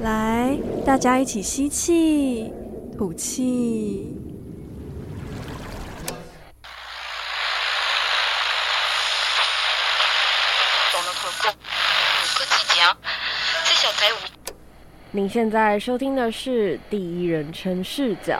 來，大家一起吸氣，吐氣。您現在收聽的是第一人稱視角。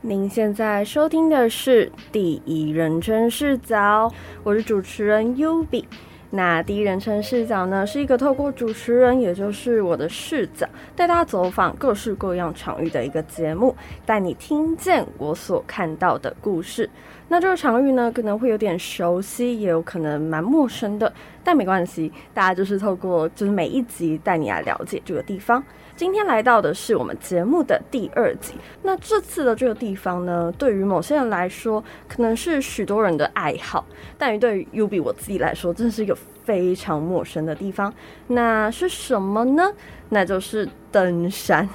您現在收聽的是第一人稱視角，我是主持人 Ubi。那第一人稱視角呢，是一個透過主持人，也就是我的視角，帶大家走訪各式各樣場域的一個節目，帶你聽見我所看到的故事。那這個場域呢，可能會有點熟悉，也有可能蠻陌生的，但沒關係，大家就是透過就是每一集帶你來了解這個地方。今天來到的是我們節目的第二集，那這次的這個地方呢，對於某些人來說，可能是許多人的愛好，但對於 Ubi 我自己來說，真的是一個非常陌生的地方。那是什麼呢？那就是登山。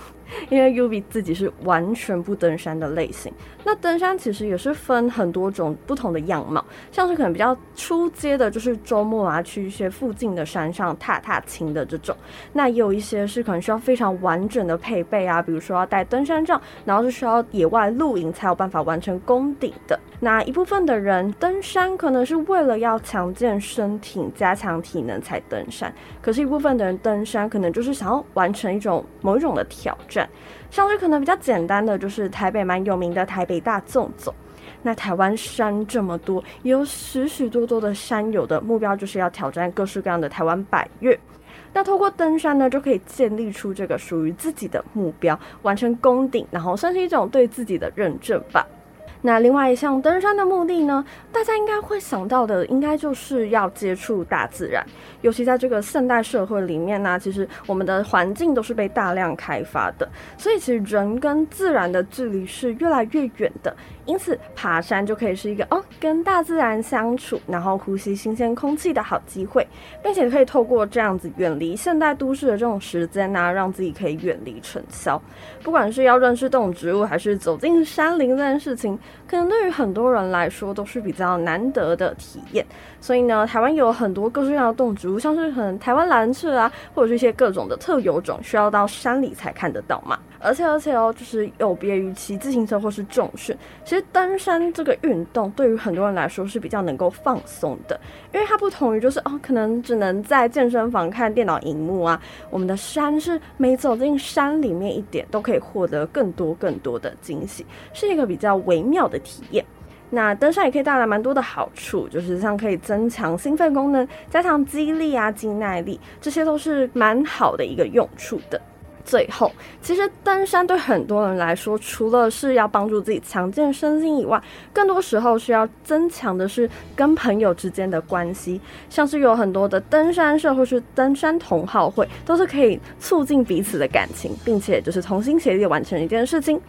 因為 U B 自己是完全不登山的類型。那登山其實也是分很多種不同的樣貌，像是可能比較初階的，就是周末啊去一些附近的山上踏踏青的這種。那也有一些是可能需要非常完整的配備啊，比如說要帶登山杖，然後是需要野外露營才有辦法完成攻頂的。那一部分的人登山可能是為了要強健身體、加強體能才登山，可是，一部分的人登山可能就是想要完成一種某一種的挑戰。相對可能比較簡單的，就是台北蠻有名的台北大縱走。那台灣山這麼多，也有許許多多的山友的目標就是要挑戰各式各樣的台灣百岳。那透過登山呢，就可以建立出這個屬於自己的目標，完成攻頂，然後算是一種對自己的認證吧。那另外一項登山的目的呢，大家應該會想到的，應該就是要接觸大自然。尤其在這個現代社會裡面呢、啊，其實我們的環境都是被大量開發的，所以其實人跟自然的距離是越來越遠的。因此，爬山就可以是一個哦，跟大自然相處，然後呼吸新鮮空氣的好機會，並且可以透過這樣子遠離現代都市的這種時間呢、啊，讓自己可以遠離塵囂。不管是要認識動植物，還是走進山林這件事情。可能對於很多人來說，都是比較難得的體驗。所以呢，台灣有很多各式各樣的動植物，像是可能台灣藍鵲啊，或者是一些各種的特有種，需要到山裡才看得到嘛。而且而且哦，就是有別於騎自行車或是重訓，其實登山這個運動對於很多人來說是比較能夠放鬆的，因為它不同於就是哦，可能只能在健身房看電腦熒幕啊。我們的山是每走進山裡面一點，都可以獲得更多更多的驚喜，是一個比較微妙的體驗。那登山也可以帶來蠻多的好處，就是像可以增強心肺功能，加強肌力啊、肌耐力，這些都是蠻好的一個用處的。最後，其實登山對很多人來說，除了是要幫助自己強健身心以外，更多時候是要增強的是跟朋友之間的關係，像是有很多的登山社或是登山同好會，都是可以促進彼此的感情，並且就是同心協力完成一件事情。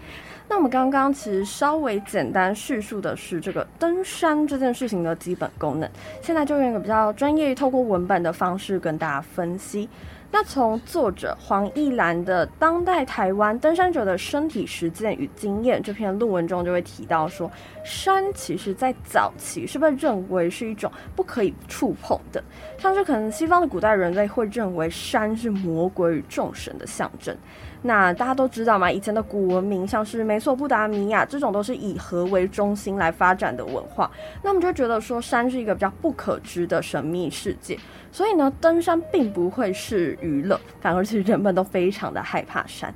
那我們剛剛其實稍微簡單敘述的是這個登山這件事情的基本功能，現在就用一個比較專業、透過文本的方式跟大家分析。那從作者黃義蘭的《當代台灣登山者的身體實踐與經驗》這篇論文中就會提到說，山其實在早期是被認為是一種不可以觸碰的，像是可能西方的古代人類會認為山是魔鬼與眾神的象徵。那大家都知道嘛，以前的古文明像是美索不達米亞這種都是以河為中心來發展的文化，那我們就覺得說山是一個比較不可知的神秘世界，所以呢，登山並不會是。娛樂，反而其實人們都非常的害怕山。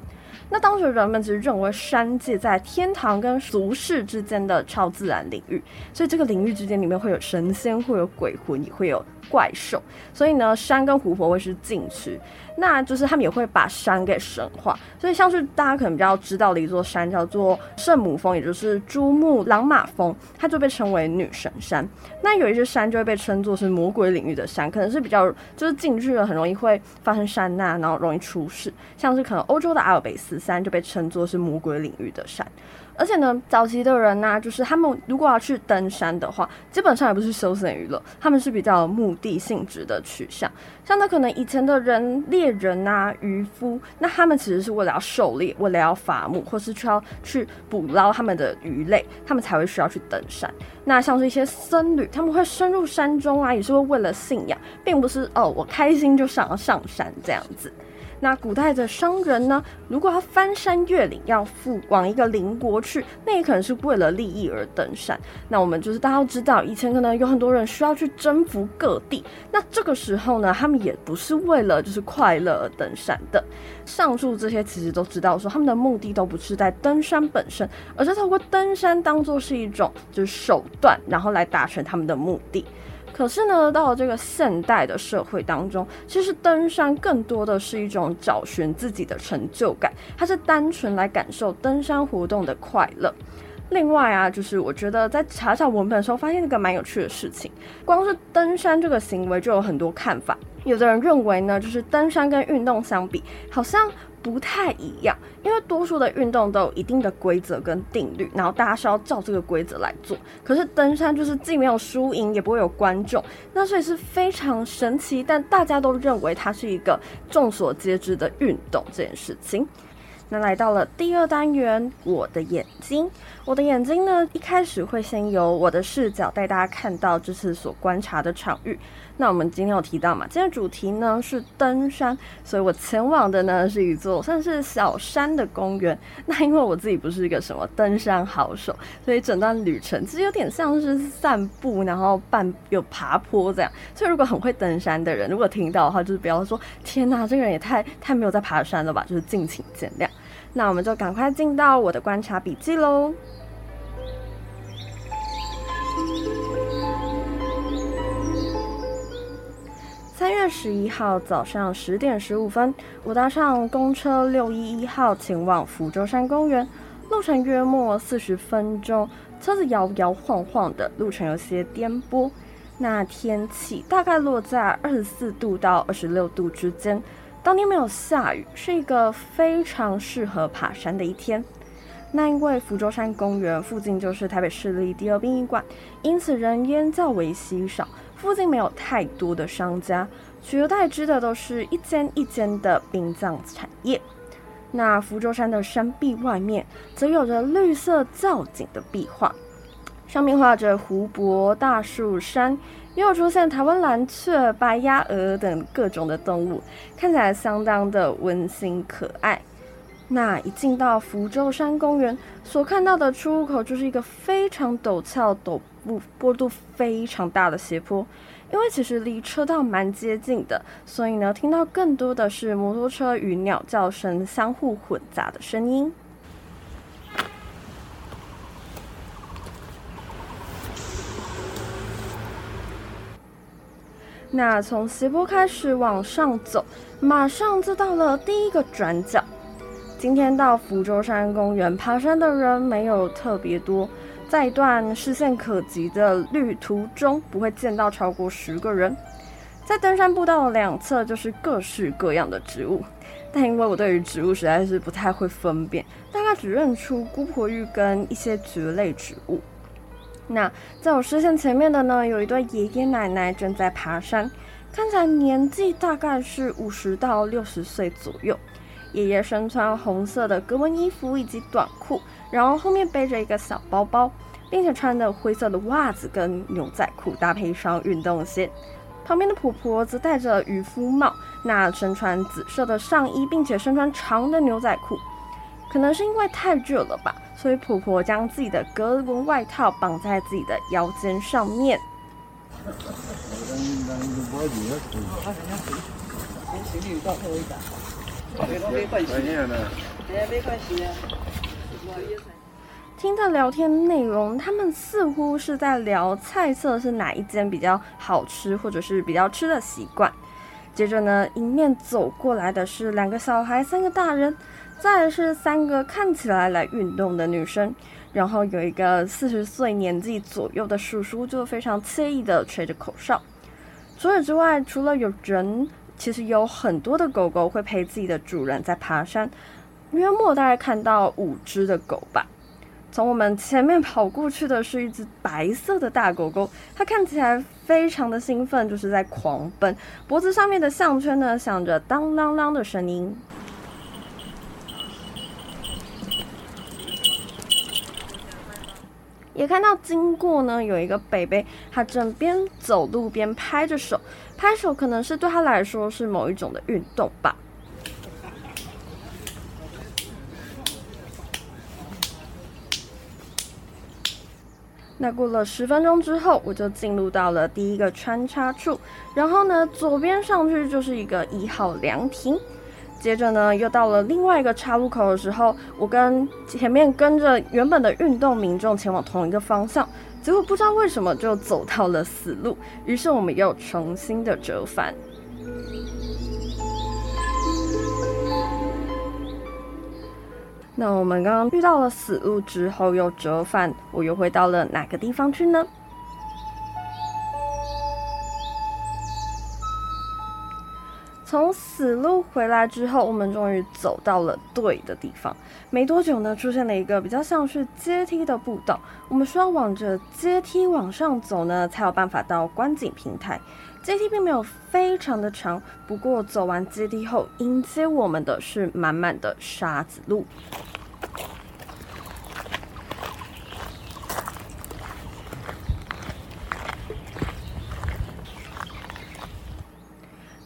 那當時人們其實認為山界在天堂跟俗世之間的超自然領域，所以這個領域之間裡面會有神仙，會有鬼魂，也會有。怪獸，所以呢，山跟湖泊會是禁區，那就是他們也會把山給神化。所以像是大家可能比較知道的一座山叫做聖母峰，也就是珠穆朗瑪峰，它就被稱為女神山。那有一些山就會被稱作是魔鬼領域的山，可能是比較就是進去了很容易會發生山難，然後容易出事。像是可能歐洲的阿爾卑斯山就被稱作是魔鬼領域的山。而且呢，早期的人呢、啊，就是他們如果要去登山的話，基本上也不是休閒娛樂，他們是比較有目的性質的取向。像那可能以前的人，獵人啊、漁夫，那他們其實是為了要狩獵，為了要伐木，或是去要去捕撈他們的魚類，他們才會需要去登山。那像是一些僧侶，他們會深入山中啊，也是會為了信仰，並不是哦，我開心就想要上山這樣子。那古代的商人呢，如果他翻山越嶺要赴往一個鄰國去，那也可能是為了利益而登山。那我們就是大家都知道，以前可能有很多人需要去征服各地。那這個時候呢，他們也不是為了就是快樂而登山的。上述這些其實都知道說，說他們的目的都不是在登山本身，而是透過登山當做是一種就是手段，然後來達成他們的目的。可是呢，到了這個現代的社會當中，其實登山更多的是一種找尋自己的成就感，它是單純來感受登山活動的快樂。另外啊，就是我覺得在查找文本的時候，發現一個蠻有趣的事情，光是登山這個行為就有很多看法。有的人認為呢，就是登山跟運動相比，好像。不太一樣，因為多數的運動都有一定的規則跟定律，然後大家是要照這個規則來做。可是登山就是既沒有輸贏，也不會有觀眾，那所以是非常神奇，但大家都認為它是一個眾所皆知的運動這件事情。那來到了第二單元，我的眼睛。我的眼睛呢，一開始會先由我的視角帶大家看到這次所觀察的場域。那我們今天有提到嘛，今天主題呢是登山，所以我前往的呢是一座算是小山的公園。那因為我自己不是一個什麼登山好手，所以整段旅程其實有點像是散步，然後半有爬坡這樣。所以如果很會登山的人，如果聽到的話，就是不要說天哪、啊，這個人也太太沒有在爬山了吧，就是敬請見諒。那我們就趕快進到我的觀察筆記嘍。三月十一號早上十點十五分，我搭上公車六一一號，前往福州山公園，路程約莫四十分鐘，車子搖搖晃晃的，路程有些顛簸。那天氣大概落在二十四度到二十六度之間。當天沒有下雨，是一個非常適合爬山的一天。那因為福州山公園附近就是台北市立第二殯儀館，因此人煙較為稀少，附近沒有太多的商家，取而代之的都是一間一間的殯葬產業。那福州山的山壁外面，則有着綠色造景的壁畫。上面畫着湖泊、大樹、山，也有出現台灣藍鵲、白鴨鵝等各種的動物，看起來相當的溫馨可愛。那一進到福州山公園，所看到的出入口就是一個非常陡峭、陡不，坡度非常大的斜坡，因為其實離車道蠻接近的，所以呢，聽到更多的是摩托車與鳥叫聲相互混雜的聲音。那從斜坡開始往上走，馬上就到了第一個轉角。今天到福州山公園爬山的人沒有特別多，在一段視線可及的旅途中，不會見到超過十個人。在登山步道的兩側，就是各式各樣的植物，但因為我對於植物實在是不太會分辨，大概只認出姑婆芋跟一些蕨類植物。那在我視線前面的呢，有一對爺爺奶奶正在爬山，看起來年紀大概是五十到六十歲左右。爺爺身穿紅色的格紋衣服以及短褲，然後後面背着一個小包包，並且穿的灰色的襪子跟牛仔褲搭配一雙運動鞋。旁邊的婆婆則戴着漁夫帽，那身穿紫色的上衣，並且身穿長的牛仔褲，可能是因為太熱了吧。所以婆婆將自己的格紋外套綁在自己的腰間上面，聽到聊天內容，他們似乎是在聊菜色是哪一間比較好吃，或者是比較吃的習慣。接着呢，迎面走過來的是兩個小孩，三個大人，再是三個看起來來運動的女生，然後有一個四十歲年紀左右的叔叔，就非常愜意地吹着口哨。除此之外，除了有人，其實有很多的狗狗會陪自己的主人在爬山，約莫大概看到五隻的狗吧。從我們前面跑過去的是一隻白色的大狗狗，它看起來，非常的興奮，就是在狂奔，脖子上面的項圈呢，響着當啷啷的聲音。也看到經過呢，有一個北北，他正邊走路邊拍着手，拍手可能是對他來說是某一種的運動吧。那過了十分鐘之後，我就進入到了第一個穿插處，然後呢，左邊上去就是一個一號涼亭，接着呢，又到了另外一個岔路口的時候，我跟前面跟着原本的運動民眾前往同一個方向，結果不知道為什麼就走到了死路，於是我們又重新的折返。那我們剛剛遇到了死路之後又折返，我又回到了哪個地方去呢？從死路回來之後，我們終於走到了對的地方。沒多久呢，出現了一個比較像是階梯的步道，我們需要往着階梯往上走呢，才有辦法到觀景平台。階梯並沒有非常的長，不過走完階梯後，迎接我們的是滿滿的沙子路。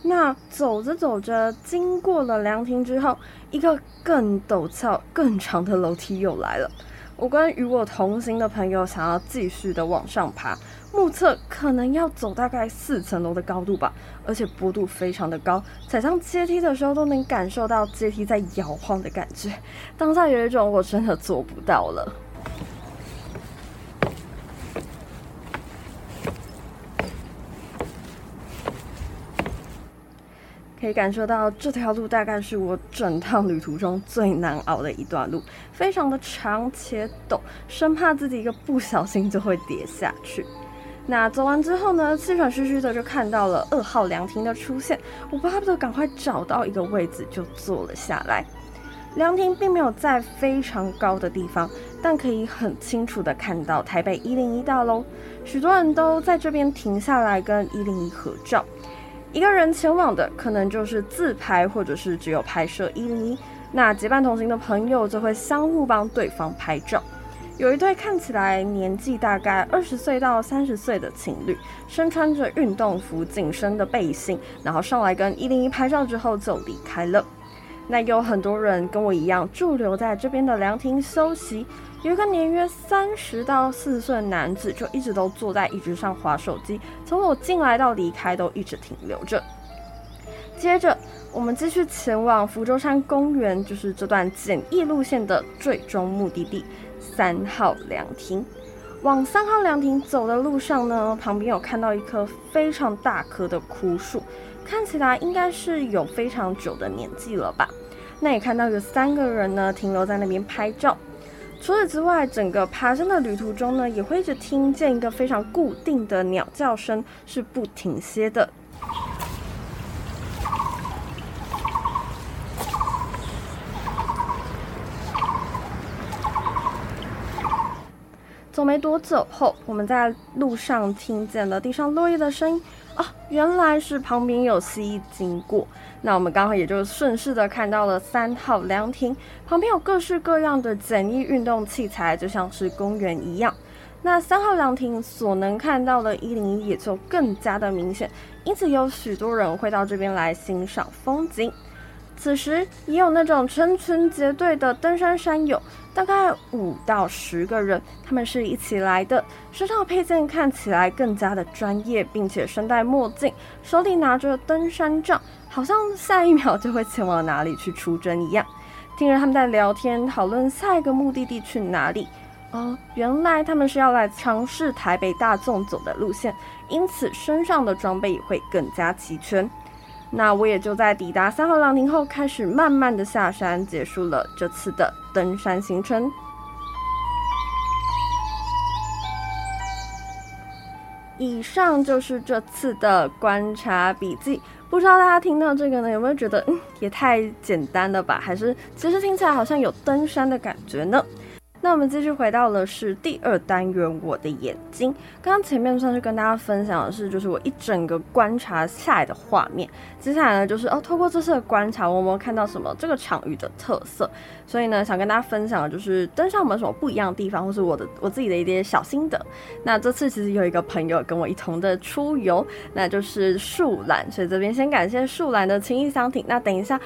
那走着走着，經過了涼亭之後，一個更陡峭、更長的樓梯又來了。我跟與我同行的朋友想要繼續的往上爬。目測可能要走大概四層樓的高度吧，而且坡度非常的高，踩上階梯的時候都能感受到階梯在搖晃的感覺，當下有一種我真的做不到了。可以感受到這條路大概是我整趟旅途中最難熬的一段路，非常的長且陡，生怕自己一個不小心就會跌下去。那走完之後呢，氣喘吁吁的就看到了二號涼亭的出現，我巴不得趕快找到一個位置就坐了下來。涼亭並沒有在非常高的地方，但可以很清楚的看到台北一零一大樓，許多人都在這邊停下來跟一零一合照。一個人前往的可能就是自拍或者是只有拍攝一零一，那結伴同行的朋友就會相互幫對方拍照。有一對看起來年紀大概二十歲到三十歲的情侶，身穿着運動服、緊身的背心，然後上來跟一零一拍照之後就離開了。那有很多人跟我一樣駐留在這邊的涼亭休息。有一個年約三十到四十歲的男子就一直都坐在椅子上滑手機，從我進來到離開都一直停留着。接着，我們繼續前往福州山公園，就是這段簡易路線的最終目的地。三號涼亭，往三號涼亭走的路上呢，旁邊有看到一棵非常大棵的枯樹，看起來應該是有非常久的年紀了吧。那也看到有三個人呢停留在那邊拍照。除此之外，整個爬山的旅途中呢，也會一直聽見一個非常固定的鳥叫聲，是不停歇的。沒多久後，我們在路上聽見了地上落葉的聲音啊，原來是旁邊有蜥蜴經過。那我們剛好也就順勢的看到了三號涼亭旁邊有各式各樣的簡易運動器材，就像是公園一樣。那三號涼亭所能看到的一零一也就更加的明顯，因此有許多人會到這邊來欣賞風景。此時也有那種成群結隊的登山山友。大概五到十個人，他們是一起來的。身上的配件看起來更加的專業，並且身戴墨鏡，手裡拿着登山杖，好像下一秒就會前往哪裡去出征一樣。聽着他們在聊天討論下一個目的地去哪裡。哦、呃，原來他們是要來嘗試台北大縱走的路線，因此身上的裝備也會更加齊全。那我也就在抵達三號涼亭後，開始慢慢的下山，結束了這次的登山行程。以上就是這次的觀察筆記，不知道大家聽到這個呢，有沒有覺得，嗯，也太簡單了吧？還是其實聽起來好像有登山的感覺呢？那我們繼續回到的是第二單元我的眼睛。剛剛前面算是跟大家分享的是，就是我一整個觀察下來的畫面。接下來呢，就是哦，透過這次的觀察，我有沒有看到什麼這個場域的特色。所以呢，想跟大家分享的就是登山我們什麼不一樣的地方，或是我的我自己的一點小心得。那這次其實有一個朋友跟我一同的出遊，那就是樹蘭。所以這邊先感謝樹蘭的情義相挺。那等一下。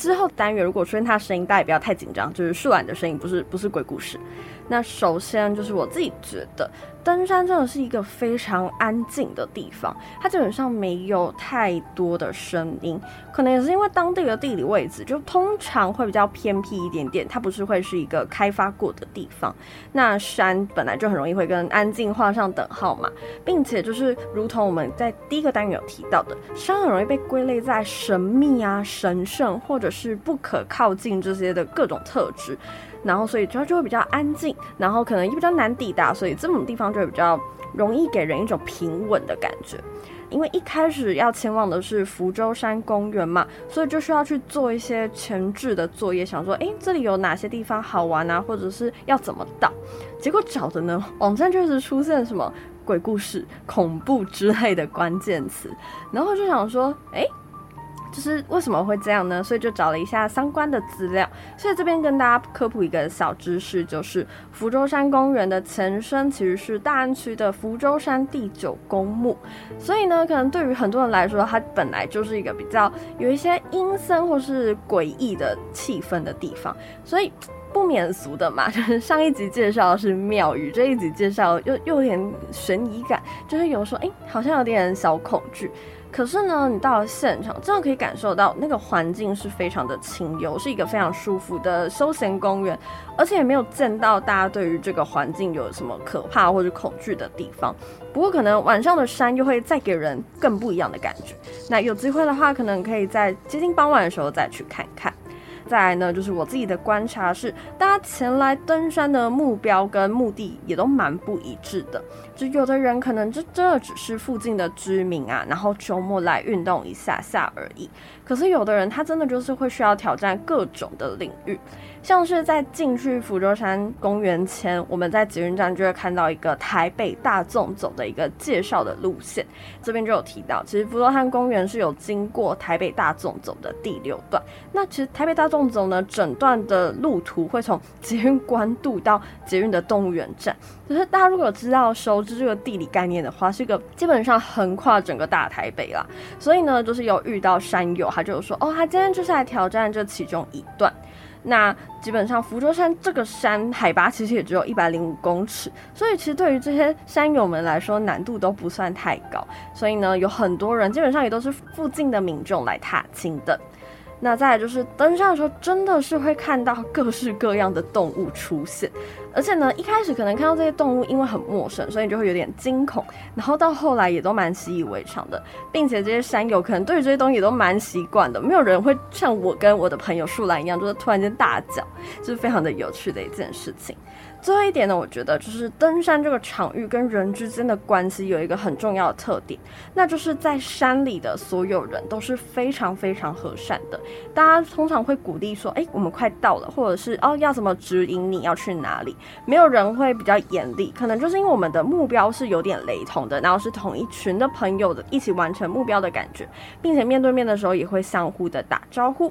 之後單元如果出現他的聲音，大家也不要太緊張，就是樹懶的聲音，不是不是鬼故事。那首先就是我自己覺得，登山真的是一個非常安靜的地方，它基本上沒有太多的聲音，可能也是因為當地的地理位置，就通常會比較偏僻一點點，它不是會是一個開發過的地方。那山本來就很容易會跟安靜畫上等號嘛，並且就是如同我們在第一個單元有提到的，山很容易被歸類在神秘啊、神聖或者是不可靠近這些的各種特質。然後，所以它就會比較安靜，然後可能也比較難抵達，所以這種地方就會比較容易給人一種平穩的感覺。因為一開始要前往的是福州山公園嘛，所以就需要去做一些前置的作業，想說，誒，這裡有哪些地方好玩啊，或者是要怎麼到？結果找的呢，網站確實出現什麼鬼故事、恐怖之類的關鍵詞，然後就想說，誒……但是為什麼會這樣呢？所以就找了一下相關的資料，所以這邊跟大家科普一個小知識，就是福州山公園的前身其實是大安區的福州山第九公墓。所以呢，可能對於很多人來說，它本來就是一個比較有一些陰森或是詭異的氣氛的地方。所以不免俗的嘛，就是上一集介紹的是廟宇，這一集介紹又又有點懸疑感，就是有時候哎、欸，好像有點小恐懼。可是呢，你到了現場，真的可以感受到那個環境是非常的清幽，是一個非常舒服的休閒公園，而且也沒有見到大家對於這個環境有什麼可怕或是恐懼的地方。不過可能晚上的山又會再給人更不一樣的感覺，那有機會的話，可能可以在接近傍晚的時候再去看看。再來呢，就是我自己的觀察是，大家前來登山的目標跟目的也都蠻不一致的。就有的人可能這這只是附近的居民啊，然後周末來運動一下下而已。可是有的人他真的就是會需要挑戰各種的領域，像是在進去福州山公園前，我們在捷運站就會看到一個台北大眾走的一個介紹的路線，這邊就有提到，其實福州山公園是有經過台北大眾走的第六段。那其實台北大眾走呢，整段的路途會從捷運關渡到捷運的動物園站。可是大家如果知道、縱走這個地理概念的話，是一個基本上橫跨整個大台北啦。所以呢，就是有遇到山友，他就有說，哦，他今天就是來挑戰這其中一段。那基本上，福州山這個山海拔其實也只有一百零五公尺，所以其實對於這些山友們來說，難度都不算太高。所以呢，有很多人基本上也都是附近的民眾來踏青的。那再來就是登山的時候，真的是會看到各式各樣的動物出現，而且呢，一開始可能看到這些動物，因為很陌生，所以你就會有點驚恐，然後到後來也都蠻習以為常的，並且這些山友可能對於這些東西也都蠻習慣的，沒有人會像我跟我的朋友樹懶一樣，就是突然間大叫，這、就是非常的有趣的一件事情。最後一點呢，我覺得就是登山這個場域跟人之間的關係有一個很重要的特點，那就是在山裡的所有人都是非常非常和善的。大家通常會鼓勵說，哎、欸，我們快到了，或者是哦要怎麼指引你要去哪裡？沒有人會比較嚴厲，可能就是因為我們的目標是有點雷同的，然後是同一群的朋友的一起完成目標的感覺，並且面對面的時候也會相互的打招呼。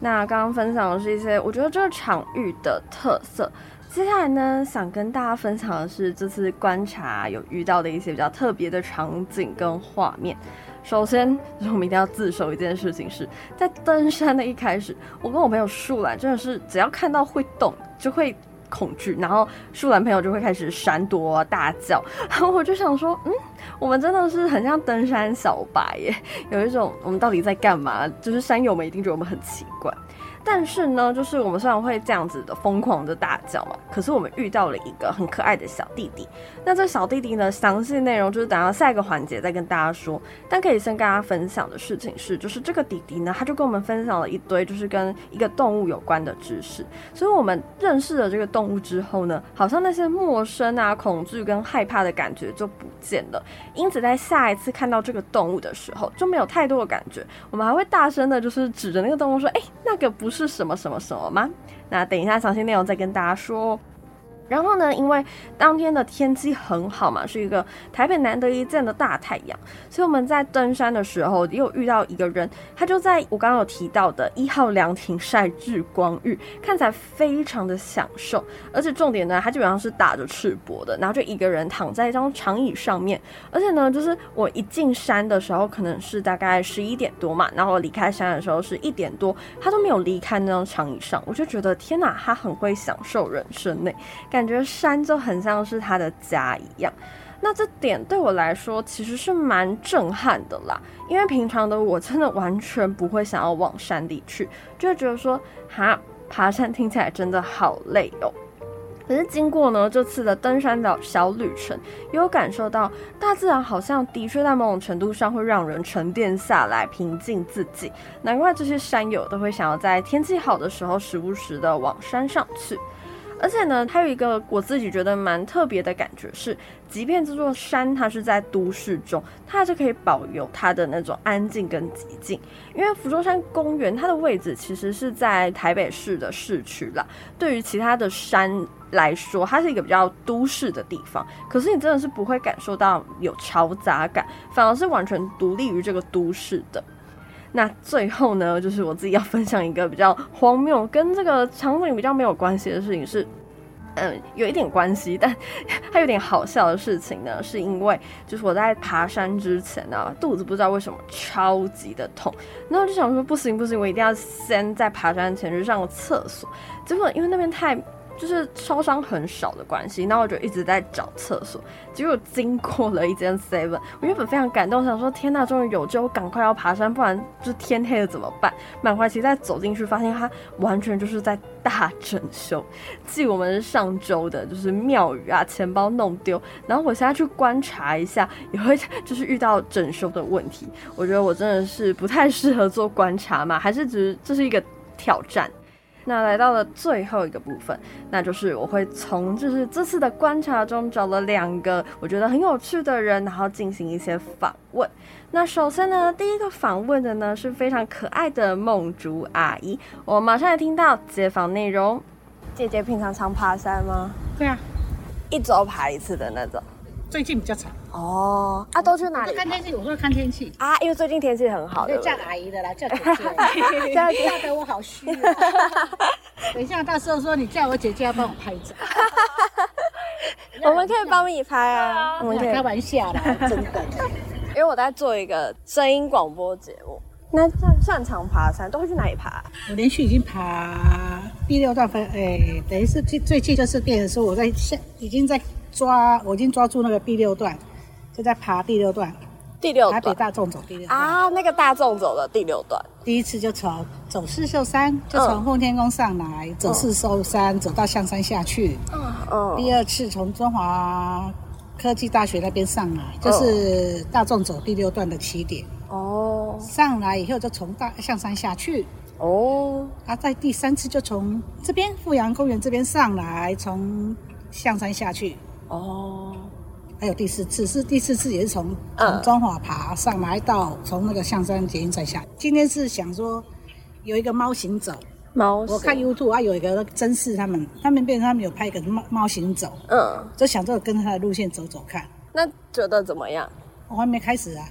那剛剛分享的是一些我覺得這個場域的特色。接下來呢，想跟大家分享的是這次觀察有遇到的一些比較特別的場景跟畫面。首先，就是、我們一定要自首一件事情是在登山的一開始，我跟我朋友樹懶真的是只要看到會動就會恐懼，然後樹懶朋友就會開始閃躲、啊、大叫，然後我就想說，嗯，我們真的是很像登山小白耶。有一種我們到底在幹嘛？就是山友們一定覺得我們很奇怪。但是呢，就是我們雖然會這樣子的瘋狂的大叫嘛，可是我們遇到了一個很可愛的小弟弟。那這小弟弟呢，詳細內容就是等到下，下一個環節再跟大家說。但可以先跟大家分享的事情是，就是這個弟弟呢，他就跟我們分享了一堆就是跟一個動物有關的知識。所以我們認識了這個動物之後呢，好像那些陌生啊、恐懼跟害怕的感覺就不見了。因此在下一次看到這個動物的時候，就沒有太多的感覺。我們還會大聲的，就是指着那個動物說：“哎、欸，那個不是。”是什麼什麼什麼嗎？那等一下詳細內容再跟大家說。然後呢，因為當天的天氣很好嘛，是一個台北難得一見的大太陽，所以我們在登山的時候也有遇到一個人，他就在我剛剛有提到的一號涼亭曬日光浴，看起來非常的享受，而且重點呢，他基本上是打着赤膊的，然後就一個人躺在一張長椅上面，而且呢，就是我一進山的時候可能是大概十一點多嘛，然後我離開山的時候是一點多，他都沒有離開那張長椅上，我就覺得天哪，他很會享受人生嘞。感覺山就很像是他的家一樣，那這點對我來說其實是蠻震撼的啦。因為平常的我真的完全不會想要往山裡去，就會覺得說，哈，爬山聽起來真的好累哦。可是經過呢這次的登山的小旅程，有感受到大自然好像的確在某種程度上會讓人沉澱下來，平靜自己。難怪這些山友都會想要在天氣好的時候，時不時的往山上去。而且呢，它有一個我自己覺得蠻特別的感覺，是，即便這座山它是在都市中，它還是可以保有它的那種安靜跟寂靜。因為福州山公園它的位置其實是在台北市的市區啦，對於其他的山來說，它是一個比較都市的地方，可是你真的是不會感受到有嘈雜感，反而是完全獨立於這個都市的。那最後呢，就是我自己要分享一個比較荒謬，跟這個場景比較沒有關係的事情，是，嗯，有一點關係，但它有點好笑的事情呢，是因為就是我在爬山之前呢、啊，肚子不知道為什麼超級的痛，然後就想說不行不行，我一定要先在爬山前去上個廁所，結果因為那邊太。就是燒傷很少的關係，那我就一直在找廁所。結果經過了一間 Seven，我原本非常感動，想說天哪，終於有救，就趕快要爬山，不然就天黑了怎麼辦？滿懷期待走進去，發現它完全就是在大整修。繼我們上周的就是廟宇啊，錢包弄丟。然後我現在去觀察一下，也會就是遇到整修的問題。我覺得我真的是不太適合做觀察嘛，還是只是這是一個挑戰？那來到了最後一個部分，那就是我會從就是這次的觀察中找了兩個我覺得很有趣的人，然後進行一些訪問。那首先呢，第一個訪問的呢是非常可愛的夢竹阿姨，我馬上要聽到街訪內容。姐姐平常常爬山嗎？對、嗯、啊，一周爬一次的那種。最近比較長哦，oh, 啊，都去哪裡看天氣？我會看天氣啊，因為最近天氣很好，又叫阿姨的啦，叫姐姐的，嚇 得我好虛、喔。 等一下，到時候說你叫我姐姐要幫我拍一, 一下 我們可以幫你拍啊，啊我開玩笑，真的。 因為我在做一個聲音廣播節目，那擅擅長爬山，都會去哪裡爬、啊？我連續已經爬第六段分哎、欸，等於是最最近就是電影的時候，我在下已經在。抓，我已經抓住那個第六段，就在爬第六段，第六段，大眾走第六段啊，那個大眾走的第六段。第一次就從走四獸山，就從奉天宮上來，嗯、走四獸山、嗯，走到象山下去。哦、嗯、哦。第二次從中華科技大學那邊上來、嗯，就是大眾走第六段的起點。哦。上來以後就從大象山下去。哦。啊，在第三次就從這邊富陽公園這邊上來，從象山下去。哦、oh.，還有第四次，是第四次也是從中華爬上來到從那個象山捷運再下。今天是想說有一個貓行走，貓，我看 YouTube 啊有一個，那個珍視他們他們變成他們有拍一個貓貓行走，嗯，就想着跟他的路線走走看。那覺得怎麼樣？我還沒開始啊，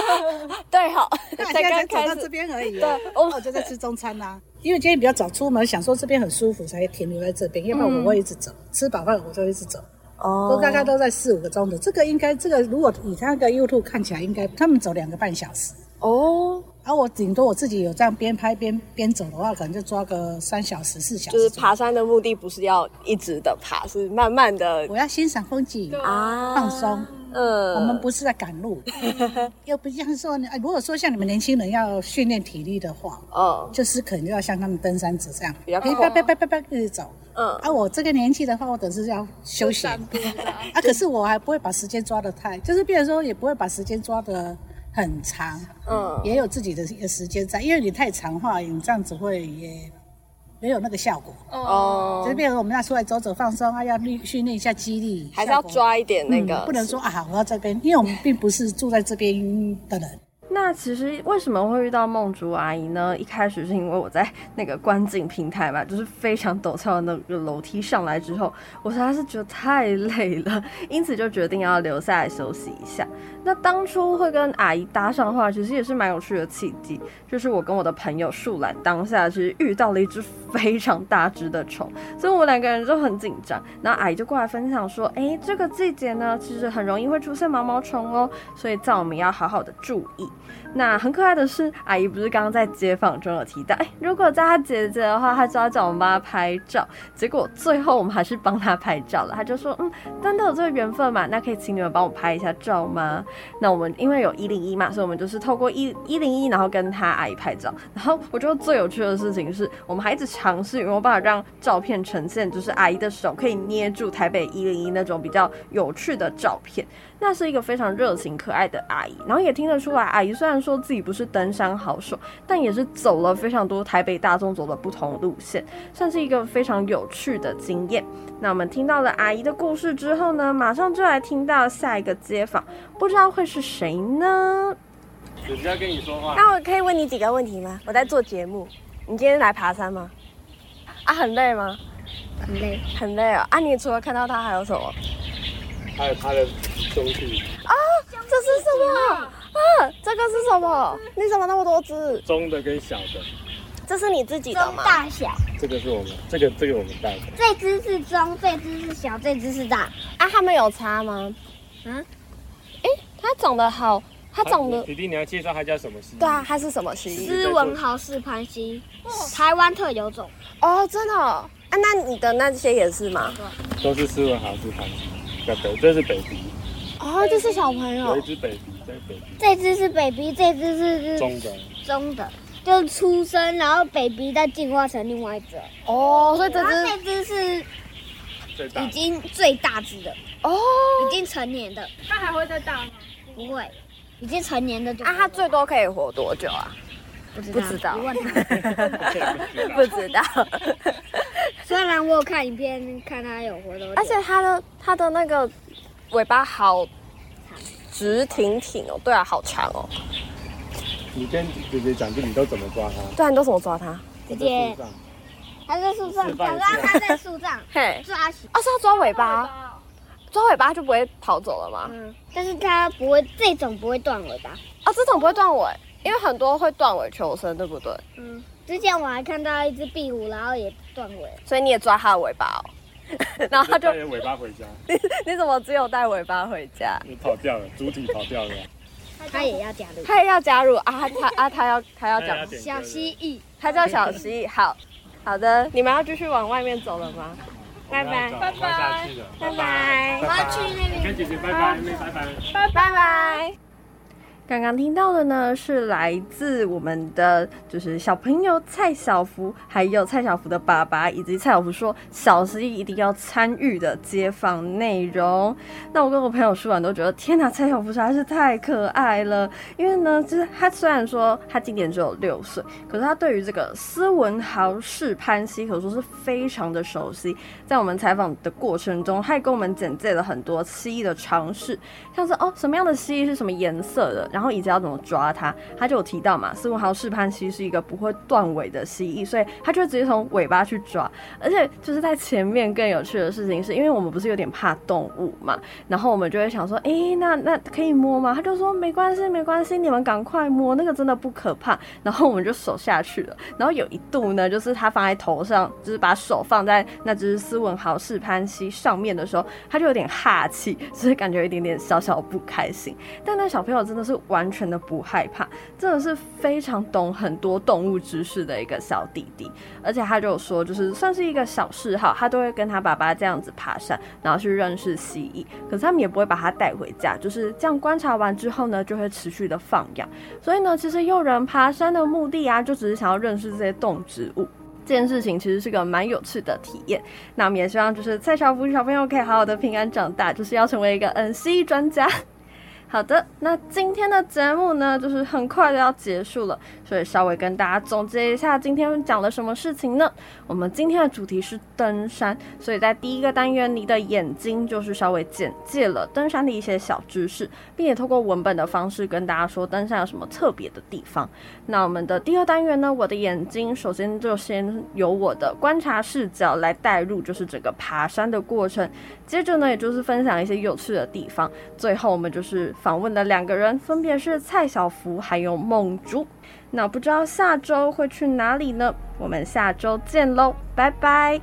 對，好，現在才就走到這邊而已。對，我我就在吃中餐啦、啊， 因為今天比較早出門，想說這邊很舒服才停留在這邊，要不然我會一直走，嗯、吃飽飯我就會一直走。Oh. 都大概都在四五個鐘的，這個應該，這個如果以他的 YouTube 看起來，應該他們走兩個半小時。哦，而我頂多我自己有這樣邊拍邊邊走的話，可能就抓個三小時四小時。就是爬山的目的不是要一直的爬，是慢慢的。我要欣賞風景，放鬆。Ah. 嗯，我們不是在趕路，又不像說，如果說像你們年輕人要訓練體力的話，哦，就是可能要像他們登山者這樣，可以拜拜拜拜拜一直走。嗯，啊，我這個年紀的話，我等於是要休息。啊，可是我還不會把時間抓得太，就是變成說也不會把時間抓得很長。嗯，也有自己的一個時間在，因為你太長的話，你這樣子會也。沒有那個效果哦，就變成我們要出來走走放鬆啊，要訓訓練一下肌力，還是要抓一點那個，嗯、不能說啊，好我要這邊，因為我們並不是住在這邊的人。那其實為什麼會遇到夢竹阿姨呢？一開始是因為我在那個觀景平台吧，就是非常陡峭的那個樓梯上來之後，我實在是覺得太累了，因此就決定要留下來休息一下。那當初會跟阿姨搭上話，其實也是蠻有趣的契機。就是我跟我的朋友樹懶當下其實遇到了一隻非常大隻的蟲，所以我們兩個人就很緊張。然後阿姨就過來分享說：“哎、欸，這個季節呢，其實很容易會出現毛毛蟲哦、喔，所以在我們要好好的注意。”那很可愛的是，阿姨不是剛剛在街訪中有提到，欸、如果叫她姐姐的話，她就要叫我們幫她拍照。結果最後我們還是幫她拍照了，她就說：“嗯，真的有這個緣分嘛？那可以請你們幫我拍一下照嗎？”那我們因為有一零一嘛，所以我們就是透過一一零一，然後跟她阿姨拍照。然後我覺得最有趣的事情是，我們還一直嘗試有沒有辦法讓照片呈現，就是阿姨的手可以捏住台北一零一那種比較有趣的照片。那是一個非常熱情可愛的阿姨，然後也聽得出來阿姨雖然說自己不是登山好手，但也是走了非常多台北大眾走的不同路線，算是一個非常有趣的經驗。那我們聽到了阿姨的故事之後呢，馬上就來聽到下一個街訪，不知道會是誰呢？有要跟你說話。那我可以問你幾個問題嗎？我在做節目。你今天來爬山嗎？啊，很累嗎？很累。很累哦。啊，你除了看到他，還有什麼？還有他的兄弟。啊，這是什麼？ 啊，這個是什麼？你怎麼那麼多隻？中的跟小的，這是你自己的嗎？中大小，這個是我們，這個這個我們帶的。這隻是中，這隻是小，這隻是大。啊，它們有差嗎？嗯、啊，哎，它長得好，它長得。弟弟，你要介紹它叫什麼蜥？對啊，它是什麼蜥蜴？斯文豪氏攀蜥，台灣特有種。哦，真的、哦？啊，那你的那些也是嗎？對。都是斯文豪氏攀蜥。北，這是北鼻。啊、哦，這是小朋友。有一隻北鼻。這只是 baby，這只是，是中的中等，就是、出生，然後 baby 再進化成另外一只哦，oh, 所以這只是已經最大只的哦，已經成年的，它還會再大嗎？不會，已經成年的啊，它最多可以活多久啊？不知道，不知道，啊、 不知道。 知道 雖然我有看影片，看它有活多久，而且它的它的那個尾巴好。直挺挺哦，對啊，好長哦。你跟姐姐講，你都怎麼抓它？對啊，你都怎麼抓它？姐姐，它在樹上 抓抓、哦抓。抓尾巴，哦，抓尾巴就不會跑走了嗎？嗯，但是它不會，這種不會斷尾巴。啊、哦，這種不會斷尾，因為很多會斷尾求生，對不對？嗯，之前我還看到一隻壁虎，然後也斷尾。所以你也抓它的尾巴。哦。 然後他就帶尾巴回家。你怎麼只有帶尾巴回家？ 你跑掉了，主體跑掉了他。他也要加入，他也要加入啊！他，他啊，他要他要加入。 小蜥蜴，他叫小蜥蜴。 好好的，你們要繼續往外面走了嗎？拜拜拜拜拜拜，我要去那邊。姐姐拜拜拜拜拜拜。剛剛聽到的呢，是來自我們的就是小朋友蔡小福，還有蔡小福的爸爸，以及蔡小福說小蜥蜴一定要參與的採訪內容。那我跟我朋友說完，都覺得天哪，蔡小福實在是太可愛了。因為呢，就是他雖然說他今年只有六歲，可是他對於這個斯文豪氏攀蜥可說是非常的熟悉。在我們採訪的過程中，他也跟我們簡介了很多蜥蜴的常識，像是哦什麼樣的蜥蜴是什麼顏色的。然後以及要怎麼抓它？他就有提到嘛，斯文豪氏攀蜥是一個不會斷尾的蜥蜴，所以它就直接從尾巴去抓。而且就是在前面更有趣的事情是，是因為我們不是有點怕動物嘛，然後我們就會想說，誒那那，那可以摸嗎？他就說沒關係，沒關係，你們趕快摸，那個真的不可怕。然後我們就手下去了。然後有一度呢，就是他放在頭上，就是把手放在那隻斯文豪氏攀蜥上面的時候，他就有點哈氣，所以感覺有一點點小小不開心。但那小朋友真的是。完全的不害怕，真的是非常懂很多動物知識的一個小弟弟。而且他就有說，就是算是一個小嗜好，他都會跟他爸爸這樣子爬山，然後去認識蜥蜴。可是他們也不會把它帶回家，就是這樣觀察完之後呢，就會持續的放養。所以呢，其實有人爬山的目的啊，就只是想要認識這些動植物。這件事情其實是個蠻有趣的體驗。那我們也希望就是蔡小福小朋友可以好好的平安長大，就是要成為一個嗯蜥蜴專家。好的，那今天的節目呢，就是很快就要結束了，所以稍微跟大家總結一下今天講了什麼事情呢？我們今天的主題是登山，所以在第一個單元，你的眼睛就是稍微簡介了登山的一些小知識，並且透過文本的方式跟大家說，登山有什麼特別的地方。那我們的第二單元呢，我的眼睛首先就先由我的觀察視角來帶入，就是整個爬山的過程，接着呢，也就是分享一些有趣的地方，最後我們就是。訪問的兩個人分別是蔡小福還有夢竹，那不知道下周會去哪裡呢？我們下周見嘍，拜拜。